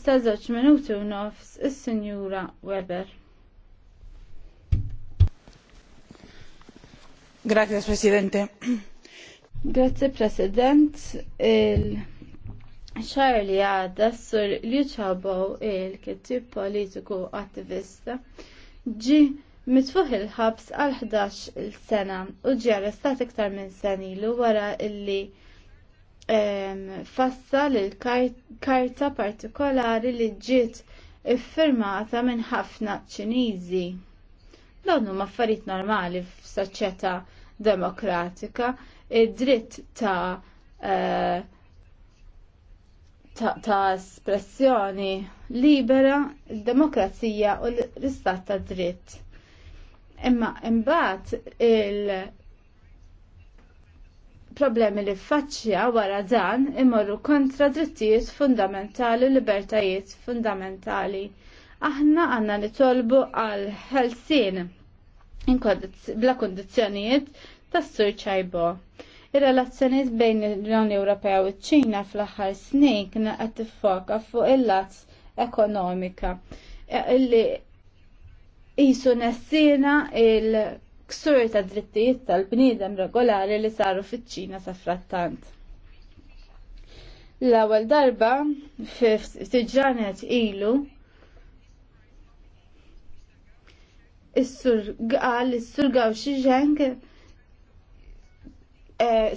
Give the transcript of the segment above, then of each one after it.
Sta' minuti u nofs is-Sinjura Weber. Grazie Presidente. Grazie President. Il ċar li għadda sur li ċabow il-kittib politiku attivista ġi mitfuħ il-ħabs għal 11 il-sena u ġi arrestat iktar minn senilu wara illi fassal l karta partikolari li ġiet iffirmata minn ħafna ċiniżi. Dawn huma affarijiet normali f'soċjetà demokratika, id-dritt ta' eh, ta', espressjoni libera, demokrazija u l-istat ta' dritt. Imma imbagħad il- problemi li faċċja wara dan imorru kontra drittijiet fundamentali u libertajiet fundamentali. Aħna għanna nitolbu għal ħelsin bla kondizjonijiet tas sur ċajbo. Ir-relazzjonijiet bejn l-Unjoni Ewropea u ċ-Ċina fl-aħħar snin kienu qed tiffoka fuq il-lat ekonomika illi jisu nessina il- ksur ta' drittijiet tal-bniedem regolari li saru fiċ-Ċina sa' frattant. L-ewwel darba f'tiġranet ilu is-sur is-sur Gawxi Zheng eh,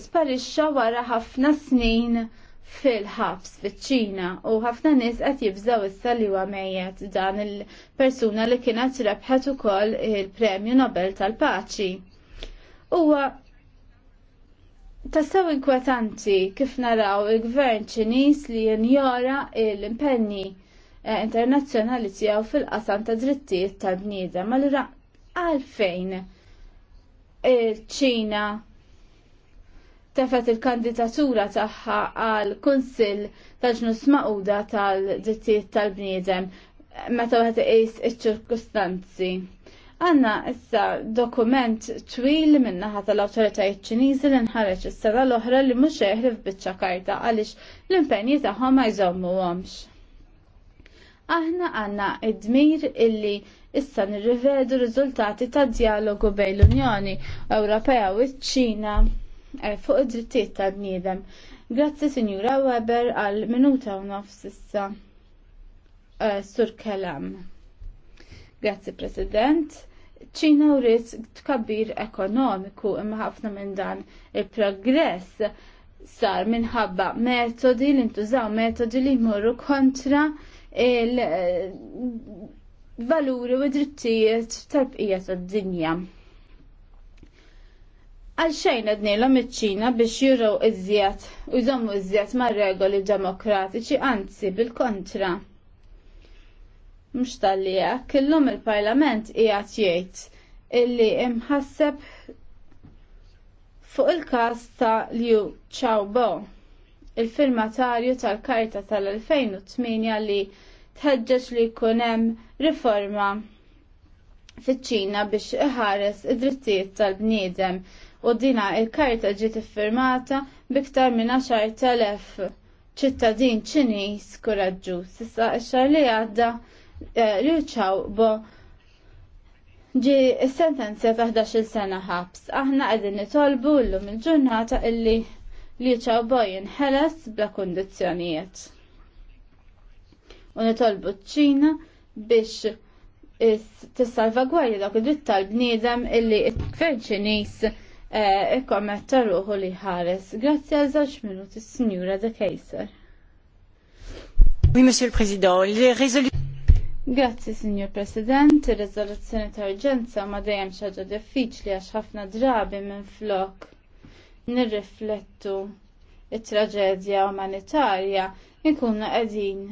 sparixxa wara ħafna snin fil-ħabs fiċ-Ċina u ħafna nies qed jibżgħu issa li mejjed dan il-persuna li kienet rebħet ukoll il-Premju Nobel tal-Paċi. Huwa tassew inkwetanti kif naraw il-gvern Ċiniż li jinjora l-impenni eh, internazzjonali tiegħu fil-qasam ta' drittijiet tal-bniedem. Allura għalfejn il-Ċina tefet il-kandidatura tagħha għal kunsill tal-ġnus maquda tal-drittijiet tal-bniedem meta wieħed iqis iċ-ċirkustanzi. Għanna issa dokument twil minnaħa tal-awtoritajiet ċiniżi li nħareġ is-sena l-oħra li mhux jeħlif biċċa karta għaliex l-impenji tagħhom ma jżommuhomx. Aħna għanna id-dmir illi issa nirrivedu riżultati ta' dialogu bejn l-Unjoni Ewropea u ċ-Ċina Eh, fuq id-drittijiet tal-bniedem. Grazzi Sinjura Weber għal minuta u nofs issa uh, sur kelam. Grazzi President. ċina u riz tkabbir ekonomiku imma ħafna minn dan il-progress sar minħabba metodi li ntużaw metodi li jmorru kontra il-valuri eh, u drittijiet tal-bqija tad-dinja għal xejn għednilom iċ-ċina biex juraw iżjat u jżommu iżjat ma' regoli demokratiċi, anzi bil-kontra. Mux tal-lija, kellum il-parlament ijat jgħid illi imħasseb fuq il-kas ta' Liu Xiaobo, il-firmatarju tal-karta tal-2008 li tħeġġeġ li kunem riforma fiċ-ċina biex iħares id-drittijiet tal-bniedem u dina il-karta ġiet iffirmata biktar minn 10,000 ċittadin ċiniż kuraġġu. S'issa x-xar li għadda eh, Liu Bo ġi sentenza ta' 11 sena ħabs. Aħna qegħdin nitolbu l-lum il-ġurnata illi li bo jinħeles bla kundizzjonijiet. U nitolbu ċina biex tissalvagwarja dak id-dritt tal-bniedem illi t-gvern Ċiniż Eh, ikkommetta ruħu li ħares. Grazzi għal żewġ minuti s-Sinjura De Kejser. Oui, Monsieur le Président, les Grazzi, Signor President, il-rezoluzzjoni ta' urġenza ma dejjem xaġa diffiċli għax ħafna drabi minn flok nirriflettu it-traġedja umanitarja nkunu qegħdin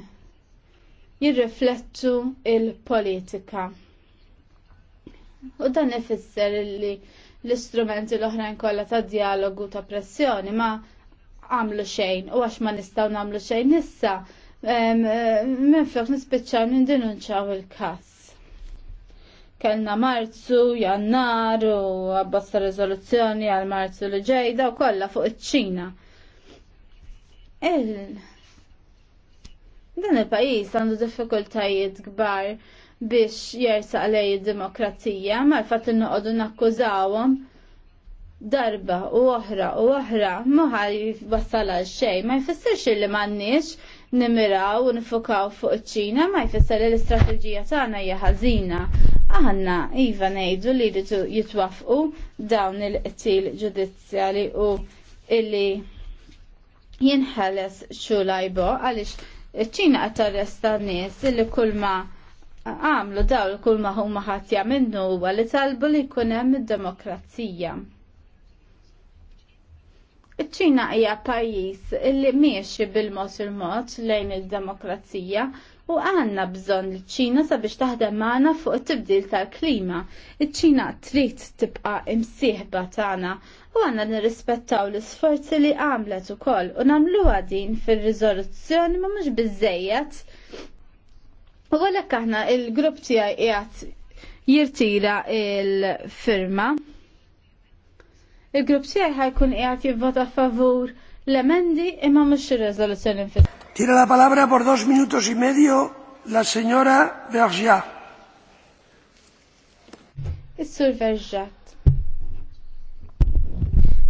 jirriflettu il-politika. U dan ifisser li l-istrumenti l-oħrajn kollha ta' dialogu ta' pressjoni ma għamlu xejn u għax ma nistgħu nagħmlu xejn issa minflok nispiċċaw nindinunċaw il-każ. Kellna Marzu, Jannar u abbassa riżoluzzjoni għal Marzu li ġejda u kollha fuq iċ-Ċina. Il... Dan il-pajis għandu diffikultajiet kbar biex jersaq lej id-demokrazija, ma l-fat li noqogħdu nakkużawhom darba u oħra u oħra maħal jifbassal għal xejn, ma jfissirx li m'għandniex nimiraw u nifukaw fuq iċ-Ċina, ma jfisser li l-istrateġija tagħna hija ħażina. Aħna iva ngħidu li rridu jitwafqu dawn il-qtil ġudizzjali u illi jinħeles xulajbo għaliex ċina qed arresta nies illi kull ma' għamlu dawl kull ma huma ħadd jagħmilnu huwa li talbu li jkun hemm id-demokrazija. Iċ-Ċina hija pajjiż li miexi bil-mod il-mod lejn id-demokrazija u għandna bżonn li ċina sabiex taħdem magħna fuq it-tibdil tal-klima. Iċ-Ċina trid tibqa' imsieħba tagħna u għandna nirrispettaw l-isforzi li għamlet ukoll u nagħmluha din fir-riżoluzzjoni ma mhux biżejjed U għalek aħna il-grupp tijaj jgħat jirtira il-firma. Il-grupp tijaj ħajkun jgħat jivvota favur l-emendi imma mux il rezoluzjoni fit. Tira la palabra por dos minutos y medio la señora Bergia. Is-sur Verġat.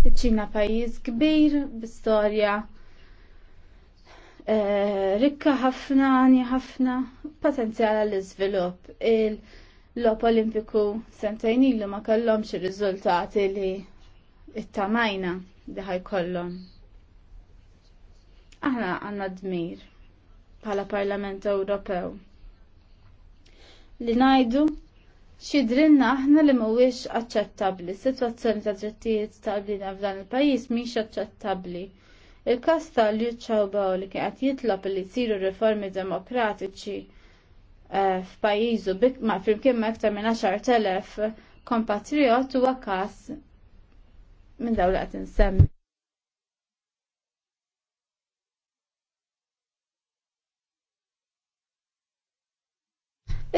Iċ-ċina pajjiż kbir b'istorja Eh, rikka ħafna, għani ħafna potenzjal għall izvilup Il-lop olimpiku sentajn ilu ma kellhomx ir rizultati li it-tamajna diħaj kollom. Aħna għandna dmir bħala Parlament Ewropew li najdu xidrinna aħna li mhuwiex aċċettabbli. Sitwazzjoni ta' drittijiet ta' f'dan il-pajjiż mhix aċċettabbli il kasta tal-Jutxawbaw li kienet jitlob li jisiru riformi demokratiċi eh, f'pajizu ma flimkien ma iktar minn 10,000 kompatriot huwa każ minn dawn li qed insemmi.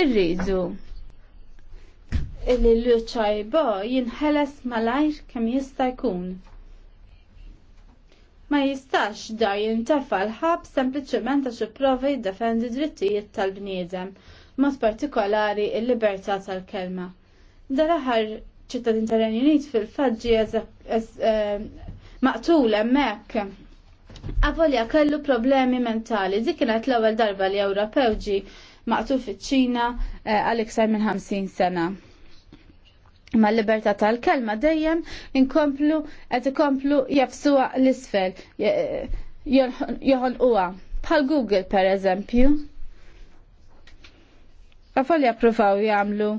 Irridu illi l-ċajbo jinħeles malajr kemm jista' jkun ma jistax dar jintafa l-ħab sempliċement għax ipprova jiddefendi drittijiet tal-bniedem, mod partikolari il-libertà tal-kelma. dal aħar ċittadin tal-Renju Unit fil-faġġi maqtul hemmhekk. Avolja kellu problemi mentali. Dik kienet l-ewwel darba li Ewropewġi maqtu fiċ-Ċina eh, għal iktar minn 50 sena ma l-libertà tal-kelma dejjem inkomplu qed ikomplu jafsuha l-isfel joħolquha bħal Google per eżempju. Għafol jappruvaw jagħmlu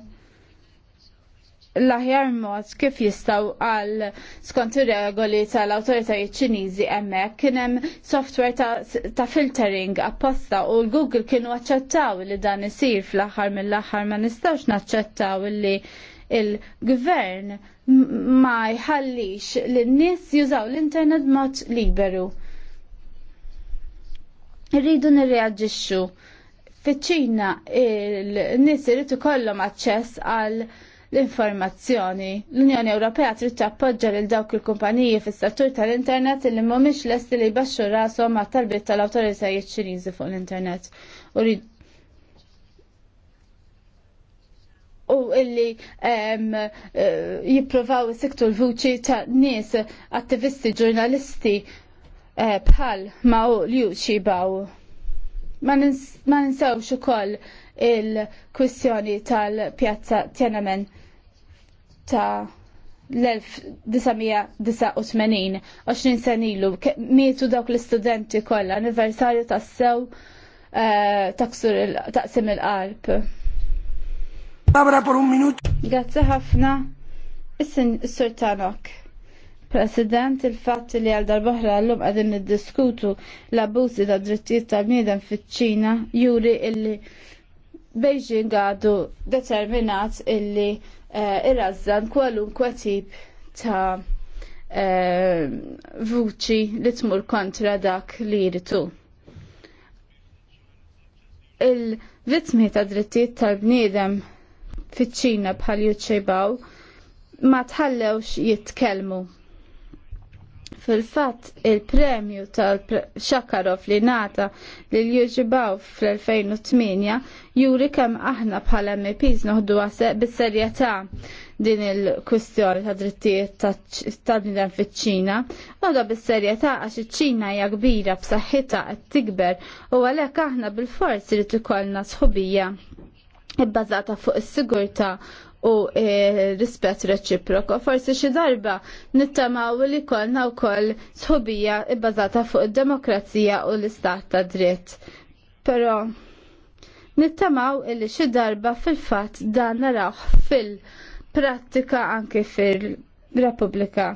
l-aħjar mod kif jistaw għal skont regoli tal-autoritajiet ċiniżi hemmhekk kien hemm software ta', ta filtering apposta u l-Google kienu aċċettaw li dan isir fl-aħħar mill-aħħar ma nistgħux naċċettaw li il-gvern ma jħallix l-nies jużaw l-internet mod liberu. Rridu nirreagġixxu. Fiċ-Ċina il-nies irid ikollhom aċċess għal l-informazzjoni. L-Unjoni Ewropea trid tappoġġa lil dawk il-kumpaniji fis-settur tal-internet li mhumiex lesti li jbaxxu rashom għat talbiet tal-awtoritajiet Ċiniżi fuq l-internet. U u illi eh, jipprovaw siktu l-vuċi ta' nies attivisti ġurnalisti eh, bħal ma' u li xibaw. Ma' ninsawx ukoll il-kwistjoni tal-pjazza Tiananmen ta' l-1989, 20 ilu mietu dawk l-istudenti kolla, anniversarju tas sew eh, taqsim il-qalb. Abra por un minut. Grazie ħafna. Issin sur Tanok. President, il-fatt li għal darbohra l-lum għadin diskutu l-abuzi ta' drittijiet ta' bniedem fiċ-ċina juri illi Beijing għadu determinat illi eh, irrazzan kwalunkwe tip ta' eh, vuċi li tmur kontra dak li jiritu. Il-vitmi ta' drittijiet tal-bniedem fiċ-Ċina bħal juċċibaw ma tħallewx jitkellmu. Fil-fatt il-premju tal-Shakarov li nata li l-juġibaw fl-2008 juri kem aħna bħala MPs noħdu bis-serjetà din il-kustjoni ta' drittijiet tal-bnidan fiċ-Ċina. Noħdu bis-serjetà għax iċ-Ċina hija kbira b'saħħitha qed tikber u għalhekk aħna bil-forzi li tikollna sħubija bbażata fuq is-sigurtà u rispett reċiproko. Forsi xi darba nittamaw li kollna wkoll sħubija bbażata fuq id-demokrazija u l-istat ta' dritt. Però nittamaw li xi darba fil-fatt dan naraw fil-prattika anke fil-Repubblika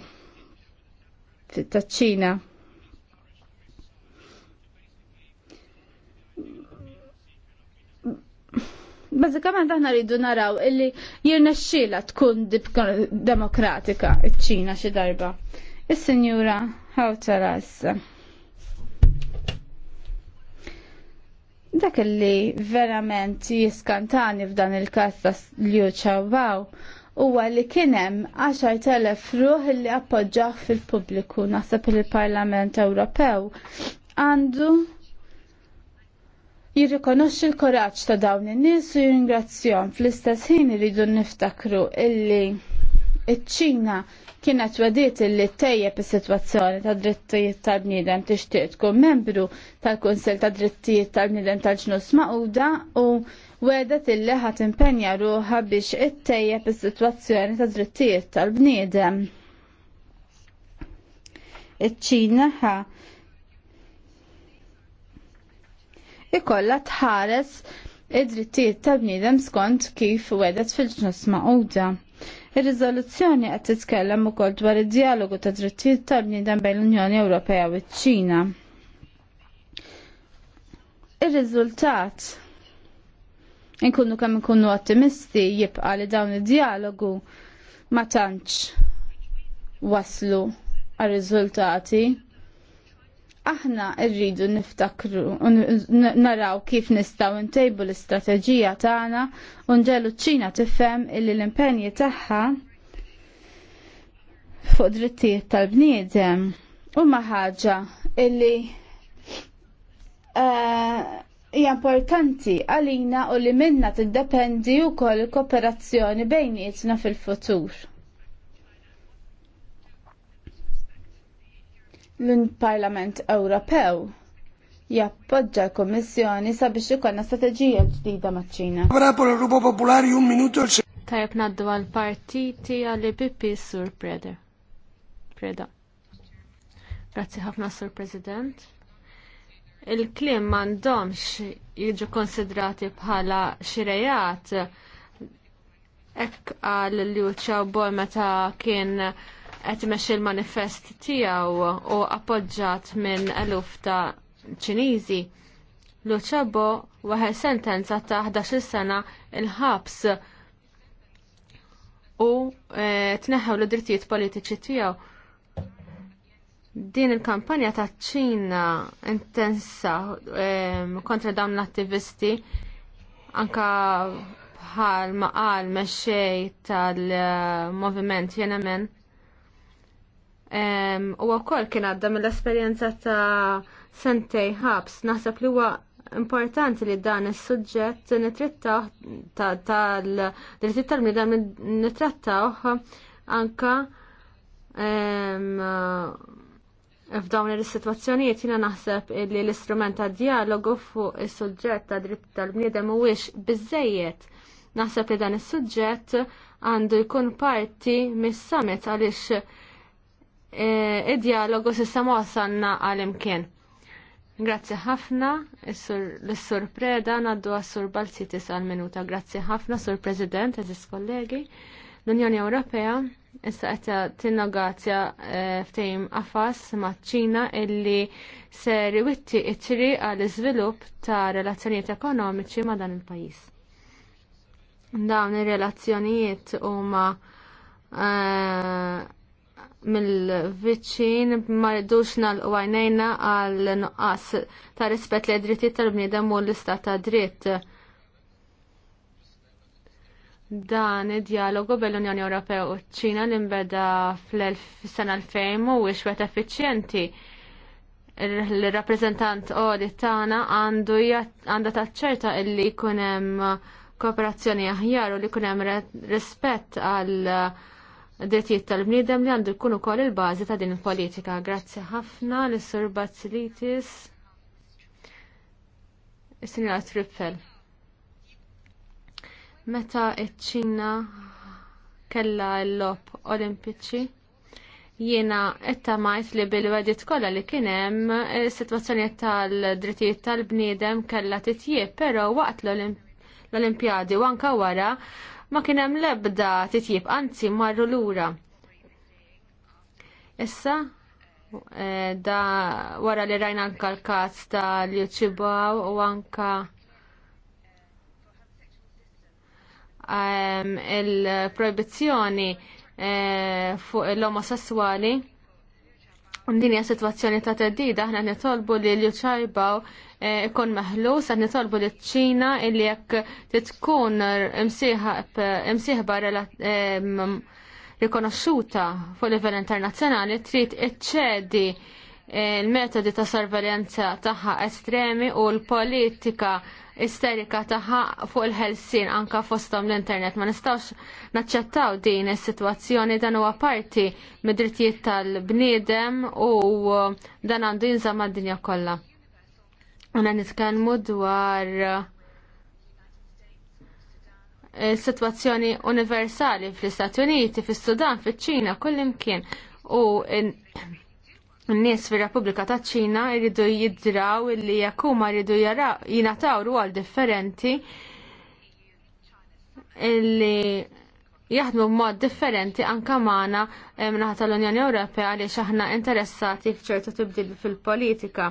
taċ-Ċina. Bazzikament aħna rridu naraw illi xxila tkun demokratika iċ ċina xi darba. Is-Sinjura Hawtala issa. Dak illi verament jiskantani f'dan il-każ ta' Liu u huwa li kien hemm 10,000 ruħ li appoġġaw fil-pubbliku naħseb il-Parlament Ewropew għandu jirrikonoxxi l-koraġġ ta' dawn in-nies u jingrazzjahom fl-istess ħin iridu niftakru illi iċ-Ċina kienet wadiet illi tejjeb is-sitwazzjoni ta' drittijiet tal-bniedem tixtieq tkun membru tal-Kunsill ta' Drittijiet tal-Bniedem tal-Ġnus Maquda u wedet illi ħat impenja ruħha biex ittejjeb is-sitwazzjoni ta' drittijiet tal-bniedem. Iċ-Ċina ħa ikolla tħares id-drittijiet tal-bniedem skont kif wedet fil-ġnus maquda. Ir-riżoluzzjoni qed titkellem ukoll dwar id-dialogu ta' drittijiet tal-bniedem bejn l-Unjoni Ewropea u ċ-Ċina. Ir-riżultat inkunu kemm inkunu ottimisti jibqa' li dawn id-dialogu ma tantx waslu għar riżultati aħna rridu niftakru naraw kif nistaw ntejbu l-istrateġija tagħna u nġelu ċina tifhem illi l-impenji tagħha fuq drittijiet tal-bniedem huma ħaġa illi eh, hija importanti għalina u li minna tiddependi wkoll il-kooperazzjoni bejnietna fil-futur. l-Parlament Ewropew jappoġġa l-Kommissjoni sabiex ikollna strateġija ġdida maċ-Ċina. Grupo Popolari un minuto Tajab naddu għal partiti għal IPP Sur Preda. Preda. Grazzi ħafna Sur President. Il-klim mandomx jiġu konsidrati bħala xirejat ek għal li uċaw bol meta kien qed imexxi l-manifest tiegħu u appoġġjat minn eluf ta' Ċiniżi. Luċabo waħed sentenza ta' 11 sena il-ħabs u e, tneħħew l-drittijiet politiċi tiegħu. Din il-kampanja ta' ċina intensa e, kontra dawn l-attivisti anka bħal qal mexxej tal-moviment Yemen u wkoll kien għadda mill-esperjenza ta' sentej ħabs. Naħseb li huwa importanti li dan is-suġġett nitrittaw tal-dritti li dan nitrattaw anka f'dawn is-sitwazzjonijiet jiena naħseb li l-istrument ta' dialogu fuq is-suġġett ta' dritt tal-bniedem mhuwiex bizzejiet Naħseb li dan is-suġġett għandu jkun parti mis-summit għaliex Eh, id-dialogu sissa ma wasanna għal-imkien. Grazzi ħafna, l-sur Preda naddu għas-sur Balzi tisal minuta Grazzi ħafna, sur President, eżis kollegi. L-Unjoni Ewropea issa qed tinnegozja eh, ftejm għafas maċ-Ċina illi ser it tri għal iżvilupp ta' relazzjonijiet ekonomiċi ma' dan il-pajjiż. Dawn ir-relazzjonijiet huma eh, mill vicċin ma rridux nalqu għajnejna għal nuqqas ta' rispett li dritti tal-bniedem u l-istat ta' dritt. Dan id-dialogu bel-Unjoni Ewropea u ċina li nbeda fl-sena 2000 u xwet effiċjenti. Il-rappresentant Odi tagħna għandu ta' taċċerta illi jkun hemm kooperazzjoni aħjar u li jkun hemm rispett għal drittijiet tal-bniedem li għandu jkun ukoll il-bażi ta' din il-politika. Grazzi ħafna l sur Bazzilitis. Is-sinjora Trippel. Meta iċ-Ċina kella l-lop olimpiċi, jiena etta majt li bil-wedit kolla li kienem eh, situazzjoni tal-drittijiet tal-bniedem kella titjieb, pero waqt l-Olimpjadi u anka wara ma kien hemm l-ebda titjib, anzi marru lura. Issa, eh, da wara li rajna anka l-kazz ta' Liuċibaw u anka ehm, il-proibizzjoni eh, fuq l-omosessuali Dinja situazzjoni ta' teddida, ħna nitolbu li l-ċajbaw eh, ikun meħlus, għad nitolbu li ċina illi jek titkun imsieħba eh, rikonosciuta fuq livell internazzjonali trid iċċedi il-metodi ta' sorveljanza tagħha estremi u l-politika isterika tagħha fuq il-ħelsin anka fostom l-internet. Ma nistawx naċċettaw din is-sitwazzjoni dan huwa parti mid-drittijiet tal-bniedem u dan għandu jinżam għad dinja kollha. Għana nitkellmu dwar eh, situazzjoni universali fl-Istati Uniti, fis-Sudan, fiċ-Ċina, kullimkien. U n-nies fir repubblika ta' ċina jridu jidraw illi jekk huma jridu jingħataw rwol differenti illi jaħdmu b'mod differenti anka magħna eh, naħa tal-Unjoni Ewropea għaliex aħna interessati f'ċertu tibdil fil-politika.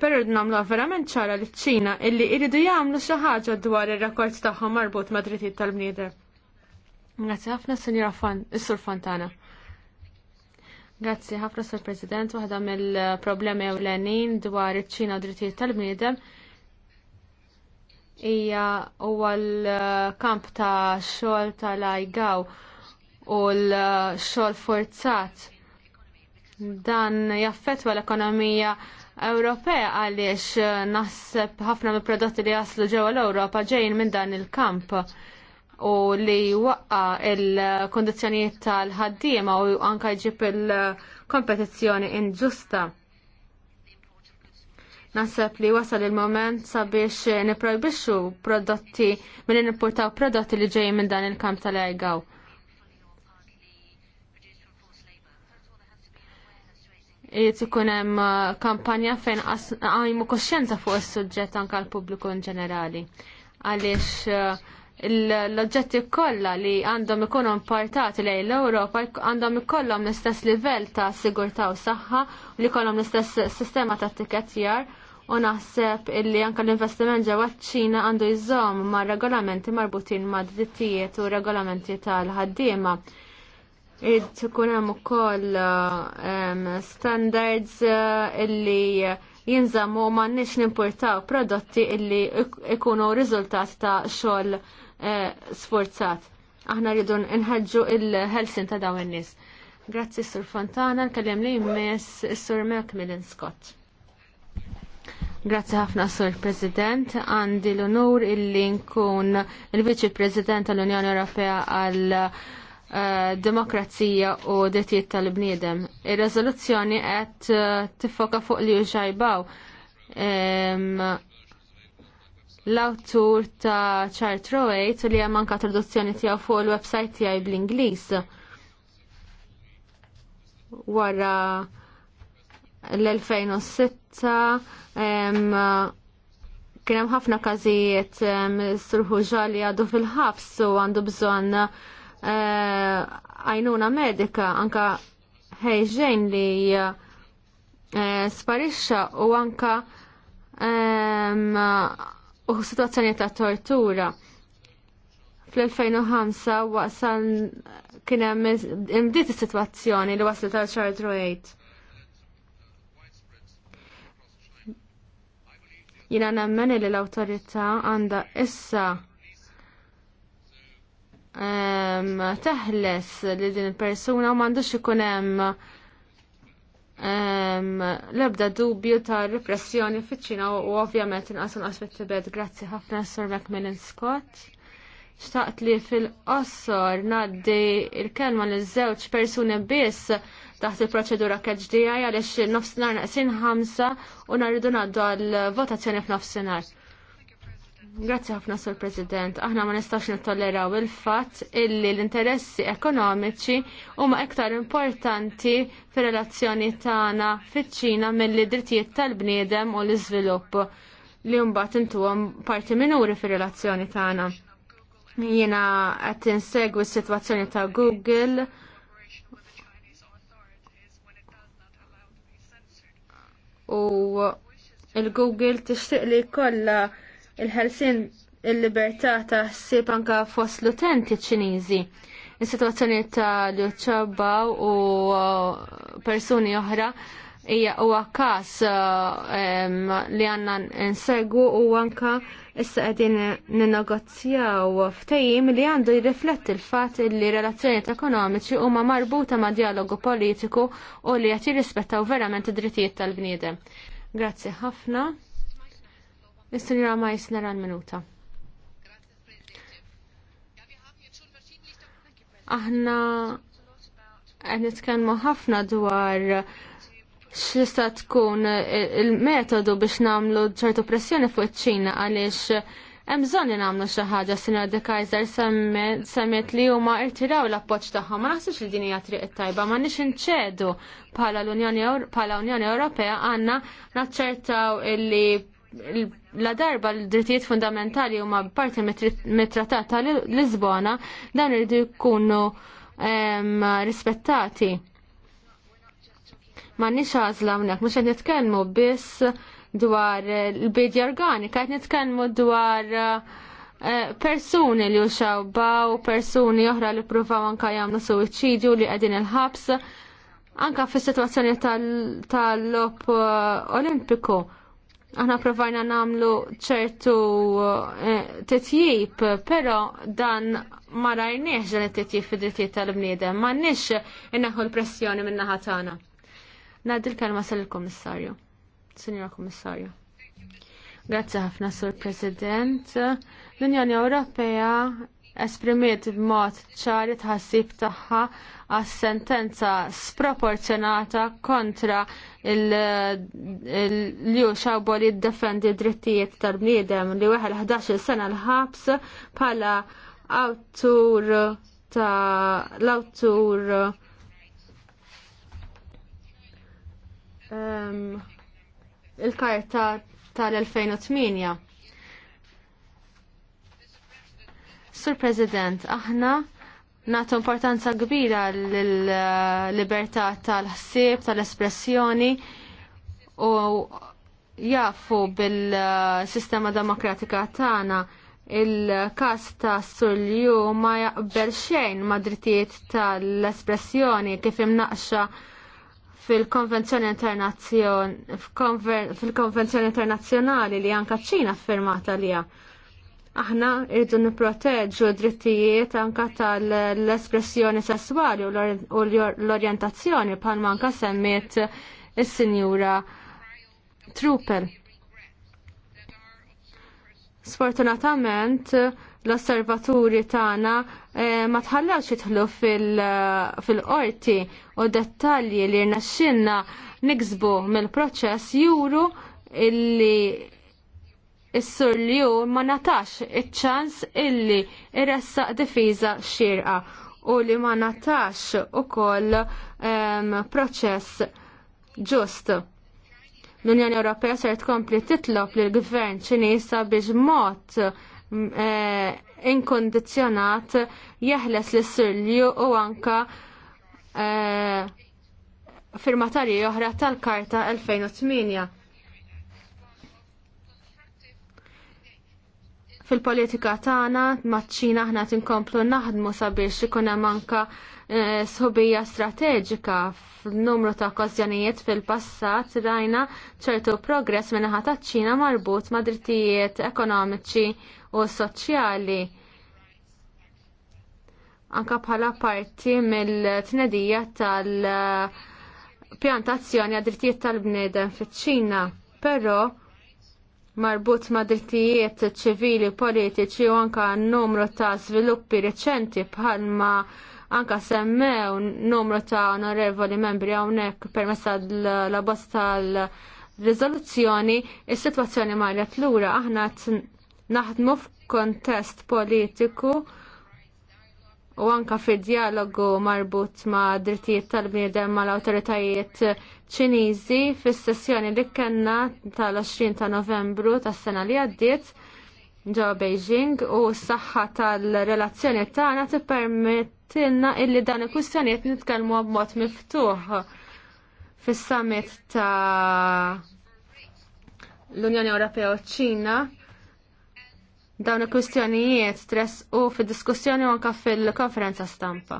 Però nagħmlu verament ċara li ċina illi jridu jagħmlu xi ħaġa dwar ir rakkords tagħhom marbut ma' drittijiet tal-bniedem. Grazzi ħafna, Sinjora Fan, is-Sur Fontana. Grazzi ħafna sur President, waħda mill-problemi ewlenin dwar iċ-Ċina u drittijiet tal-bniedem hija huwa l-kamp ta' xogħol tal-ajgaw u l-xogħol forzat. Dan jaffettwa l-ekonomija Ewropea għaliex naħseb ħafna mill-prodotti li jaslu ġewwa l-Ewropa ġejjin minn dan il-kamp u li waqqa il kondizjoniet tal-ħaddiema u anka jġib il-kompetizzjoni inġusta. Nasab li wasal il-moment sabiex niprojbixxu prodotti minn nipportaw prodotti li ġejjin minn dan il-kamp tal-ergaw. Jiet ikun hemm uh, kampanja fejn għajmu koxjenza fuq is-suġġett anke għall pubbliku in ġenerali. Għaliex uh, l-oġġetti kollha li għandhom ikunu importati lejn l-Ewropa għandhom ikollhom l-istess livell ta' sigurtà u saħħa u li kollhom l-istess sistema ta' tikketjar u naħseb illi anke l-investiment ġewwa ċ-Ċina għandu jżomm ma' regolamenti marbutin ma' drittijiet u regolamenti tal-ħaddiema. Id ikun hemm ukoll ehm, standards eh, illi jinżammu m'għandniex nimpurtaw prodotti illi ikunu riżultat ta' xogħol Eh, sforzat. Aħna rridu nħadġu il-ħelsin ta' dawn in-nies. Grazzi Sur Fontana, nkellem li jmess Sur Macmillan Scott. Grazzi ħafna Sur President, għandi l-onur illi nkun il-Viċi President tal-Unjoni Ewropea għal eh, demokrazija u drittijiet tal-bniedem. Ir-rezoluzzjoni qed tiffoka fuq li jxajbaw l-awtur ta' Charles Roate li hemm anke traduzzjoni tiegħu fuq il-website tiegħi bl-Ingliż. Wara l-2006 kien hemm ħafna każijiet surħuġa li għadu fil-ħabs u għandu bżonn eh, għajnuna medika anka ħejġejn li eh, sparixxa u anka u situazzjoni ta' tortura. Fl-2005 wasal kien hemm imdiet is-sitwazzjoni li waslet għal Charles Roate. Jina nemmen li l-autorità għandha issa ehm, teħles li din il-persuna u m'għandux ikun hemm l-ebda dubju ta' repressjoni fiċ u ovvjament inqasun qasbet Tibet. Grazzi ħafna Sir Macmillan Scott. Xtaqt li fil-qossor naddi il-kelma l żewġ persuni biss taħt il-proċedura KHDI għaliex nofsinhar naqsin ħamsa u narridu naddu għal votazzjoni f'nofsinhar. Grazzi ħafna sur President. Aħna ma nistax nittolleraw il-fatt illi l-interessi ekonomiċi huma iktar importanti fir-relazzjoni tagħna fiċ-Ċina milli drittijiet tal-bniedem u l-iżvilupp li mbagħad intuhom parti minuri fir-relazzjoni tagħna. Jiena qed insegwi s-sitwazzjoni ta' Google u il-Google tixtieq li kollha il-ħelsin il-libertà ta' ħsieb anka fost l-utenti ċiniżi. is situazzjoni ta' Liu Ċabaw u uh, persuni oħra hija huwa każ uh, li għandna nsegwu u anka issa qegħdin ninegozjaw ftehim li għandu jirrifletti l-fatt li relazzjonijiet ekonomiċi huma marbuta ma' dialogu politiku u li qed jirrispettaw verament id-drittijiet tal-bniedem. Grazzi ħafna. Is-sinjora Majsner l minuta Aħna għed nitkellmu ħafna dwar x'ista tkun il-metodu biex nagħmlu ċertu pressjoni fuq iċ-Ċina għaliex hemm bżonn li nagħmlu xi ħaġa sinjor De Kaiser semmet li huma rtiraw l-appoġġ tagħhom. Ma naħsibx li din hija triq it-tajba, m'għandniex inċedu bħala l-Unjoni bħala Unjoni Ewropea għandna naċċertaw illi la darba l-drittijiet fundamentali huma parti mit-trattat ta' Lisbona dan irridu jkunu rispettati. Ma nix għazla hawnhekk mhux qed nitkellmu biss dwar il-bidja organika, qed nitkellmu dwar eh, persuni li uxawbaw, persuni oħra li pruvaw anka jagħmlu suwiċidju li qegħdin il-ħabs anka fis-sitwazzjoni tal logħob eh, olimpiku aħna provajna namlu ċertu eh, titjib, pero dan ma rajniex dan it-titjib fid drittijiet tal-bniedem, ma nix innaħu l-pressjoni minna ħatana. il kelma sal-komissarju, Signor Komissarju. Grazie ħafna, Sur President. L-Unjoni Ewropea esprimiet b'mod ċari tħassib tagħha għas sentenza sproporzjonata kontra l-ju xawbo li d drittijiet tal-bniedem li weħel 11 sena l-ħabs bħala awtur ta' l-awtur ehm, il-karta tal-2008. Sur President, aħna nagħtu importanza kbira l-libertà tal-ħsieb, tal-espressjoni u jafu bil-sistema demokratika tagħna il-kas ta' Sulju ma jaqbel xejn ma' drittijiet tal-espressjoni kif imnaqxa fil-konvenzjoni internazzjonali fil-konvenzjoni internazzjonali li anka ċina firmata li aħna irridu nipproteġu drittijiet anka tal-espressjoni sesswali u l orientazzjoni pan manka semmiet il sinjura Trupel. Sfortunatament, l-osservaturi tagħna eh, ma tħallax jitħlu fil-qorti fil u dettalji li rnaxxinna niksbu mill-proċess juru illi Is-sur Liu ma natax iċ-ċans illi iressaq difiża xirqa u li ma natax ukoll um, proċess ġust. L-Unjoni Ewropea ser tkompli titlob lill gvern ċinisa biex mod eh, inkondizzjonat jeħles sur Liu u anka eh, firmatari oħra tal-Karta 2008. fil-politika tagħna maċ-Ċina aħna tinkomplu naħdmu sabiex ikun hemm anke eh, sħubija strateġika f'numru ta' okkażjonijiet fil-passat rajna ċertu progress minnaħa taċ-Ċina marbut ma' drittijiet ekonomiċi u soċjali. Anka bħala parti mill-tnedija tal- eh, pjantazzjoni għad drittijiet tal-bnedem fiċ-Ċina, però marbut ma' drittijiet ċivili politiċi u anka numru ta' sviluppi reċenti bħalma anka semmew numru ta' onorevoli membri hawnhekk permessa la bosta tal-riżoluzzjoni, is-sitwazzjoni marret lura aħna naħdmu f'kontest politiku u anka fil-dialogu marbut ma' drittijiet tal-bniedem ma' l-autoritajiet ċiniżi fis-sessjoni li kellna tal-20 ta' Novembru tas-sena li għaddiet ġewwa Beijing u s-saħħa tal-relazzjoni tagħna tippermettilna illi dan il-kwistjonijiet nitkellmu b'mod miftuħ fis-summit ta' l-Unjoni Ewropea u ċ-Ċina Dawn il-kwistjonijiet stress u fil-diskussjoni u anka fil-konferenza stampa.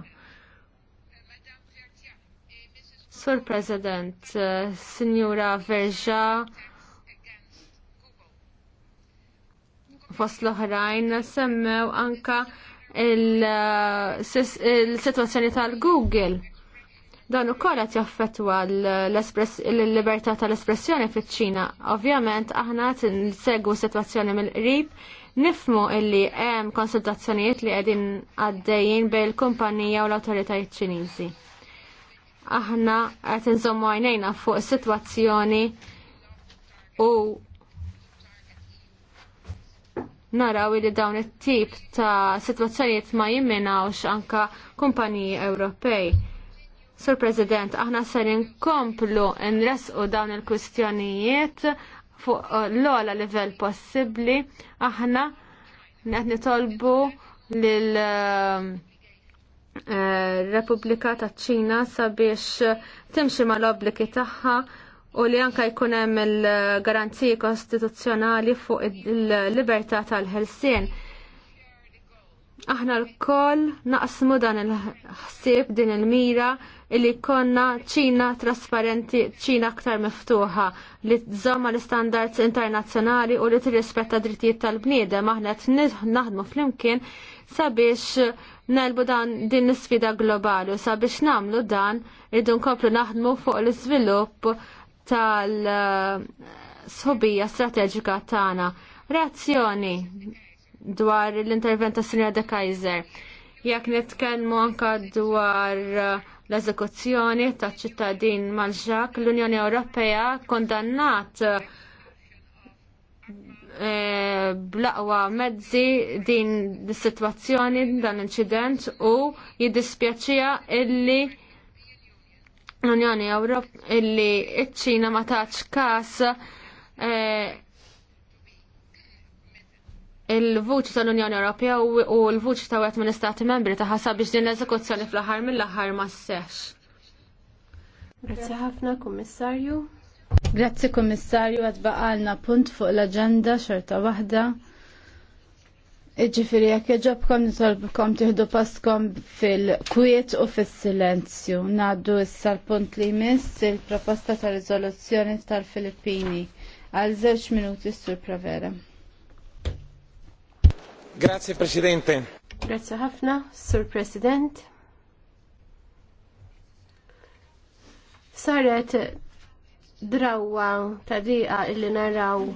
Sur President, eh, Signora Verja, fost l-oħrajn semmew anka il-situazzjoni tal-Google. Dan ukoll qed jaffettwa l-libertà tal-espressjoni fiċ-Ċina. Ovvjament aħna nsegwu sitwazzjoni mill-qrib Nifmu illi hemm konsultazzjonijiet li qegħdin għaddejjin bejn il-kumpanija u l-awtoritajiet Ċiniżi. Aħna qed inżommu għajnejna fuq is-sitwazzjoni u naraw li dawn it-tip ta' sitwazzjonijiet ma jimminawx anka kumpaniji Ewropej. Sur President, aħna ser inkomplu nresqu dawn il-kwistjonijiet fuq uh, l-ola level possibli aħna qed nitolbu lil um, uh, Repubblika ta' ċina sabiex timxi ma l-obbligi tagħha u li anka jkun hemm il-garanziji kostituzzjonali fuq il-libertà tal-ħelsien. il libertà tal ħelsien aħna l-koll naqsmu dan il-ħsieb din il-mira illi konna ċina trasparenti, ċina aktar miftuħa li tżomma l-standards internazzjonali u li t-rispetta drittijiet tal-bniedem aħna qed naħdmu flimkien sabiex nelbu dan din l-sfida globali u sabiex namlu dan id-dun nkomplu naħdmu fuq l-iżvilupp tal-sħobija eh, strateġika tagħna. Reazzjoni dwar l-intervent ta' Sinja de Kaiser. Jekk nitkellmu anka dwar uh, l-eżekuzzjoni ta' ċittadin Malġak, l-Unjoni Ewropea kondannat uh, e, blaqwa mezzi din is-sitwazzjoni dan l-inċident u jiddispjaċija illi l-Unjoni Ewropea illi iċ-Ċina ma tatx każ e, il-vuċi tal-Unjoni Ewropea u l-vuċi ta' għet minn istati membri ta' ħasab biex din l-eżekuzzjoni fl-ħar mill-ħar ma' s-sex. Grazie ħafna, Kommissarju. Grazie, Kommissarju, għad baqalna punt fuq l-agenda xorta wahda. Iġifiri, jek jġobkom nisolbkom tiħdu paskom fil-kwiet u fil-silenzju. Naddu issa l-punt li jmiss il-proposta ta' rizoluzzjoni tal-Filippini. Għal zewġ minuti sur pravera. Grazie Presidente. Grazie ħafna, Sur President. Saret drawa tadiqa illi naraw